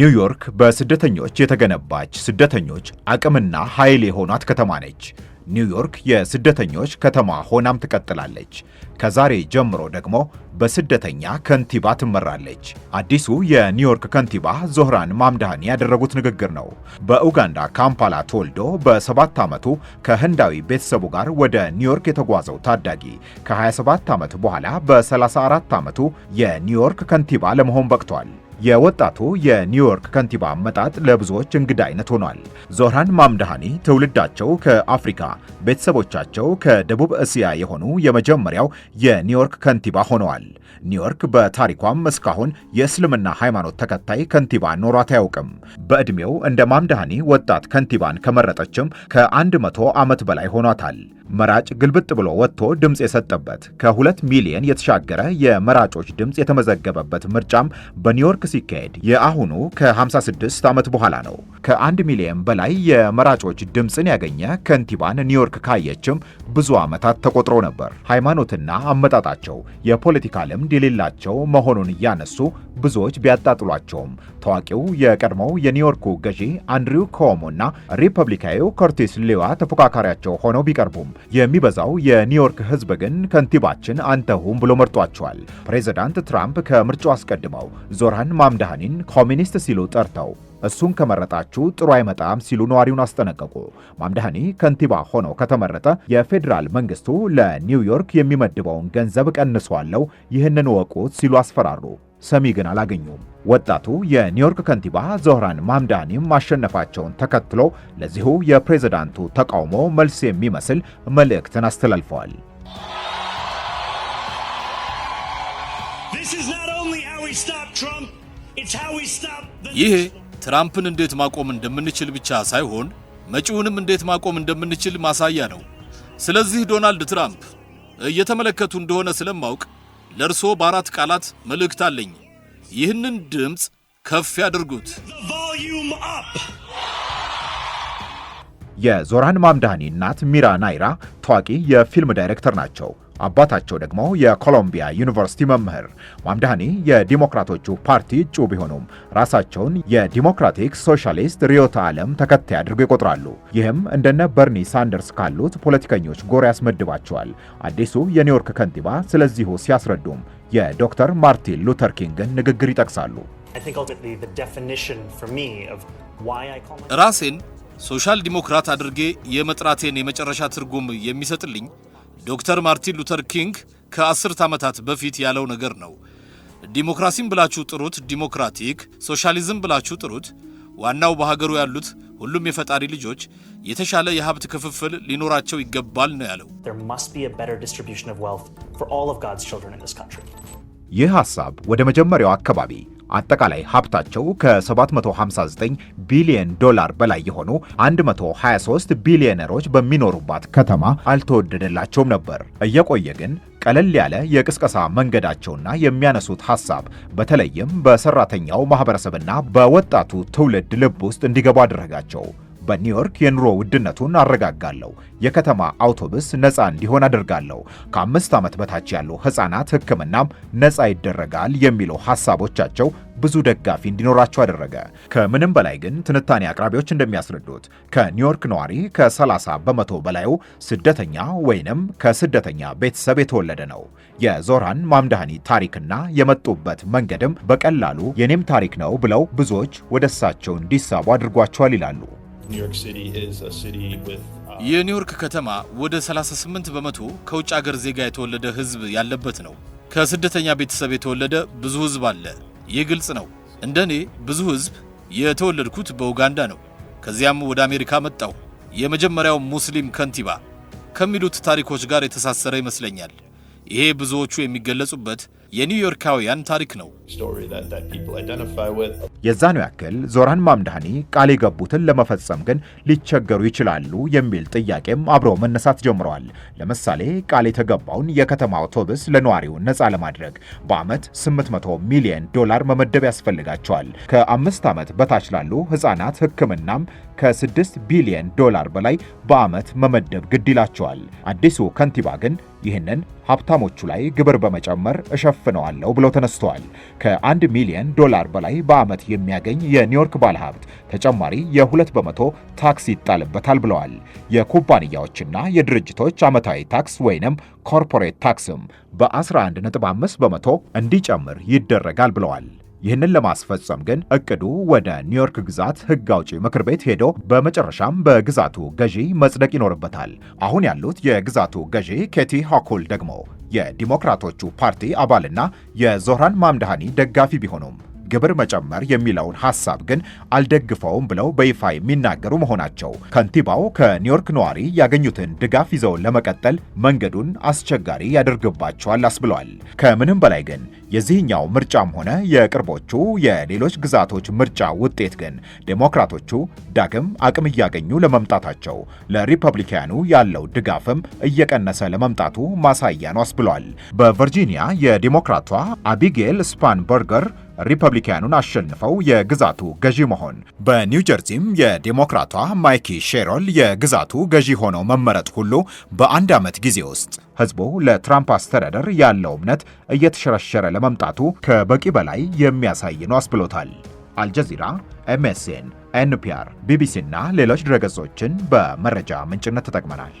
ኒውዮርክ በስደተኞች የተገነባች ስደተኞች አቅምና ኃይል የሆኗት ከተማ ነች። ኒውዮርክ የስደተኞች ከተማ ሆናም ትቀጥላለች። ከዛሬ ጀምሮ ደግሞ በስደተኛ ከንቲባ ትመራለች። አዲሱ የኒውዮርክ ከንቲባ ዞህራን ማምዳኒ ያደረጉት ንግግር ነው። በኡጋንዳ ካምፓላ ተወልዶ በሰባት ዓመቱ ከህንዳዊ ቤተሰቡ ጋር ወደ ኒውዮርክ የተጓዘው ታዳጊ ከ27 ዓመት በኋላ በ34 ዓመቱ የኒውዮርክ ከንቲባ ለመሆን በቅቷል። የወጣቱ የኒውዮርክ ከንቲባ አመጣጥ ለብዙዎች እንግዳ አይነት ሆኗል። ዞህራን ማምዳሃኒ ትውልዳቸው ከአፍሪካ ቤተሰቦቻቸው ከደቡብ እስያ የሆኑ የመጀመሪያው የኒውዮርክ ከንቲባ ሆነዋል። ኒውዮርክ በታሪኳም እስካሁን የእስልምና ሃይማኖት ተከታይ ከንቲባ ኖሯት አያውቅም። በዕድሜው እንደ ማምዳሃኒ ወጣት ከንቲባን ከመረጠችም ከአንድ መቶ ዓመት በላይ ሆኗታል። መራጭ ግልብጥ ብሎ ወጥቶ ድምፅ የሰጠበት ከሁለት ሚሊየን የተሻገረ የመራጮች ድምፅ የተመዘገበበት ምርጫም በኒውዮርክ ሲካሄድ የአሁኑ ከ56 ዓመት በኋላ ነው። ከአንድ ሚሊየን በላይ የመራጮች ድምፅን ያገኘ ከንቲባን ኒውዮርክ ካየችም ብዙ ዓመታት ተቆጥሮ ነበር። ሃይማኖትና አመጣጣቸው የፖለቲካ ልምድ የሌላቸው መሆኑን እያነሱ ብዙዎች ቢያጣጥሏቸውም ታዋቂው የቀድሞው የኒውዮርኩ ገዢ አንድሪው ኮሞና ሪፐብሊካዊው ኮርቲስ ሌዋ ተፎካካሪያቸው ሆነው ቢቀርቡም የሚበዛው የኒውዮርክ ህዝብ ግን ከንቲባችን አንተሁም ብሎ መርጧቸዋል። ፕሬዚዳንት ትራምፕ ከምርጫው አስቀድመው ዞራን ማምዳሃኒን ኮሚኒስት ሲሉ ጠርተው እሱን ከመረጣችሁ ጥሩ አይመጣም ሲሉ ነዋሪውን አስጠነቀቁ። ማምደሃኒ ከንቲባ ሆኖ ከተመረጠ የፌዴራል መንግስቱ ለኒውዮርክ የሚመድበውን ገንዘብ ቀንሷለው፣ ይህንን ወቁት ሲሉ አስፈራሩ። ሰሚ ግን አላገኙም። ወጣቱ የኒውዮርክ ከንቲባ ዞህራን ማምዳኒም ማሸነፋቸውን ተከትሎ ለዚሁ የፕሬዝዳንቱ ተቃውሞ መልስ የሚመስል መልእክትን አስተላልፈዋል። ይህ ትራምፕን እንዴት ማቆም እንደምንችል ብቻ ሳይሆን መጪውንም እንዴት ማቆም እንደምንችል ማሳያ ነው። ስለዚህ ዶናልድ ትራምፕ እየተመለከቱ እንደሆነ ስለማውቅ ለርሶ በአራት ቃላት መልእክት አለኝ። ይህንን ድምፅ ከፍ ያድርጉት። የዞራን ማምዳኒ እናት ሚራ ናይራ ታዋቂ የፊልም ዳይሬክተር ናቸው። አባታቸው ደግሞ የኮሎምቢያ ዩኒቨርሲቲ መምህር። ማምዳኒ የዲሞክራቶቹ ፓርቲ እጩ ቢሆኑም ራሳቸውን የዲሞክራቲክ ሶሻሊስት ርዕዮተ ዓለም ተከታይ አድርገው ይቆጥራሉ። ይህም እንደነ በርኒ ሳንደርስ ካሉት ፖለቲከኞች ጎራ ያስመድባቸዋል። አዲሱ የኒውዮርክ ከንቲባ ስለዚሁ ሲያስረዱም የዶክተር ማርቲን ሉተር ኪንግን ንግግር ይጠቅሳሉ። ራሴን ሶሻል ዲሞክራት አድርጌ የመጥራቴን የመጨረሻ ትርጉም የሚሰጥልኝ ዶክተር ማርቲን ሉተር ኪንግ ከአስርት ዓመታት በፊት ያለው ነገር ነው። ዲሞክራሲም ብላችሁ ጥሩት ዲሞክራቲክ፣ ሶሻሊዝም ብላችሁ ጥሩት። ዋናው በሀገሩ ያሉት ሁሉም የፈጣሪ ልጆች የተሻለ የሀብት ክፍፍል ሊኖራቸው ይገባል ነው ያለው። ይህ ሐሳብ ወደ መጀመሪያው አካባቢ አጠቃላይ ሀብታቸው ከ759 ቢሊዮን ዶላር በላይ የሆኑ 123 ቢሊዮነሮች በሚኖሩባት ከተማ አልተወደደላቸውም ነበር። እየቆየ ግን ቀለል ያለ የቅስቀሳ መንገዳቸውና የሚያነሱት ሐሳብ በተለይም በሰራተኛው ማህበረሰብና በወጣቱ ትውልድ ልብ ውስጥ እንዲገቡ አደረጋቸው። በኒውዮርክ የኑሮ ውድነቱን አረጋጋለሁ። የከተማ አውቶቡስ ነፃ እንዲሆን አደርጋለሁ። ከአምስት ዓመት በታች ያሉ ሕፃናት ሕክምናም ነፃ ይደረጋል የሚለው ሐሳቦቻቸው ብዙ ደጋፊ እንዲኖራቸው አደረገ። ከምንም በላይ ግን ትንታኔ አቅራቢዎች እንደሚያስረዱት ከኒውዮርክ ነዋሪ ከ30 በመቶ በላዩ ስደተኛ ወይንም ከስደተኛ ቤተሰብ የተወለደ ነው። የዞራን ማምዳኒ ታሪክና የመጡበት መንገድም በቀላሉ የኔም ታሪክ ነው ብለው ብዙዎች ወደ እሳቸው እንዲሳቡ አድርጓቸዋል ይላሉ። Uh, የኒውዮርክ ከተማ ወደ 38 በመቶ ከውጭ አገር ዜጋ የተወለደ ህዝብ ያለበት ነው። ከስደተኛ ቤተሰብ የተወለደ ብዙ ህዝብ አለ። ይህ ግልጽ ነው። እንደ እኔ ብዙ ህዝብ የተወለድኩት በኡጋንዳ ነው። ከዚያም ወደ አሜሪካ መጣው የመጀመሪያው ሙስሊም ከንቲባ ከሚሉት ታሪኮች ጋር የተሳሰረ ይመስለኛል። ይሄ ብዙዎቹ የሚገለጹበት የኒውዮርካውያን ታሪክ ነው። የዛኑ ያክል ዞራን ማምዳኒ ቃል የገቡትን ለመፈጸም ግን ሊቸገሩ ይችላሉ የሚል ጥያቄም አብሮ መነሳት ጀምረዋል። ለምሳሌ ቃል የተገባውን የከተማ አውቶብስ ለነዋሪው ነፃ ለማድረግ በዓመት 800 ሚሊዮን ዶላር መመደብ ያስፈልጋቸዋል። ከአምስት ዓመት በታች ላሉ ሕፃናት ሕክምናም ከ6 ቢሊዮን ዶላር በላይ በዓመት መመደብ ግድ ይላቸዋል። አዲሱ ከንቲባ ግን ይህንን ሀብታሞቹ ላይ ግብር በመጨመር እሸፍ እሸፍነዋለሁ ብለው ተነስተዋል። ከአንድ ሚሊዮን ዶላር በላይ በዓመት የሚያገኝ የኒውዮርክ ባለሀብት ተጨማሪ የሁለት በመቶ ታክስ ይጣልበታል ብለዋል። የኩባንያዎችና የድርጅቶች ዓመታዊ ታክስ ወይንም ኮርፖሬት ታክስም በ11.5 በመቶ እንዲጨምር ይደረጋል ብለዋል። ይህንን ለማስፈጸም ግን እቅዱ ወደ ኒውዮርክ ግዛት ሕግ አውጪ ምክር ቤት ሄዶ በመጨረሻም በግዛቱ ገዢ መጽደቅ ይኖርበታል። አሁን ያሉት የግዛቱ ገዢ ኬቲ ሆኩል ደግሞ የዲሞክራቶቹ ፓርቲ አባልና የዞህራን ማምዳሃኒ ደጋፊ ቢሆኑም ግብር መጨመር የሚለውን ሐሳብ ግን አልደግፈውም ብለው በይፋ የሚናገሩ መሆናቸው ከንቲባው ከኒውዮርክ ነዋሪ ያገኙትን ድጋፍ ይዘውን ለመቀጠል መንገዱን አስቸጋሪ ያደርግባቸዋል አስብሏል። ከምንም በላይ ግን የዚህኛው ምርጫም ሆነ የቅርቦቹ የሌሎች ግዛቶች ምርጫ ውጤት ግን ዴሞክራቶቹ ዳግም አቅም እያገኙ ለመምጣታቸው ለሪፐብሊካኑ ያለው ድጋፍም እየቀነሰ ለመምጣቱ ማሳያ ነው አስብሏል። በቨርጂኒያ የዴሞክራቷ አቢጌል ስፓንበርገር ሪፐብሊካኑን አሸንፈው የግዛቱ ገዢ መሆን፣ በኒውጀርዚም የዴሞክራቷ ማይኪ ሼሮል የግዛቱ ገዢ ሆነው መመረጥ ሁሉ በአንድ ዓመት ጊዜ ውስጥ ህዝቡ ለትራምፕ አስተዳደር ያለው እምነት እየተሸረሸረ ለመምጣቱ ከበቂ በላይ የሚያሳይ ነው አስብሎታል። አልጀዚራ፣ ኤምኤስኤን፣ ኤንፒአር፣ ቢቢሲ እና ሌሎች ድረገጾችን በመረጃ ምንጭነት ተጠቅመናል።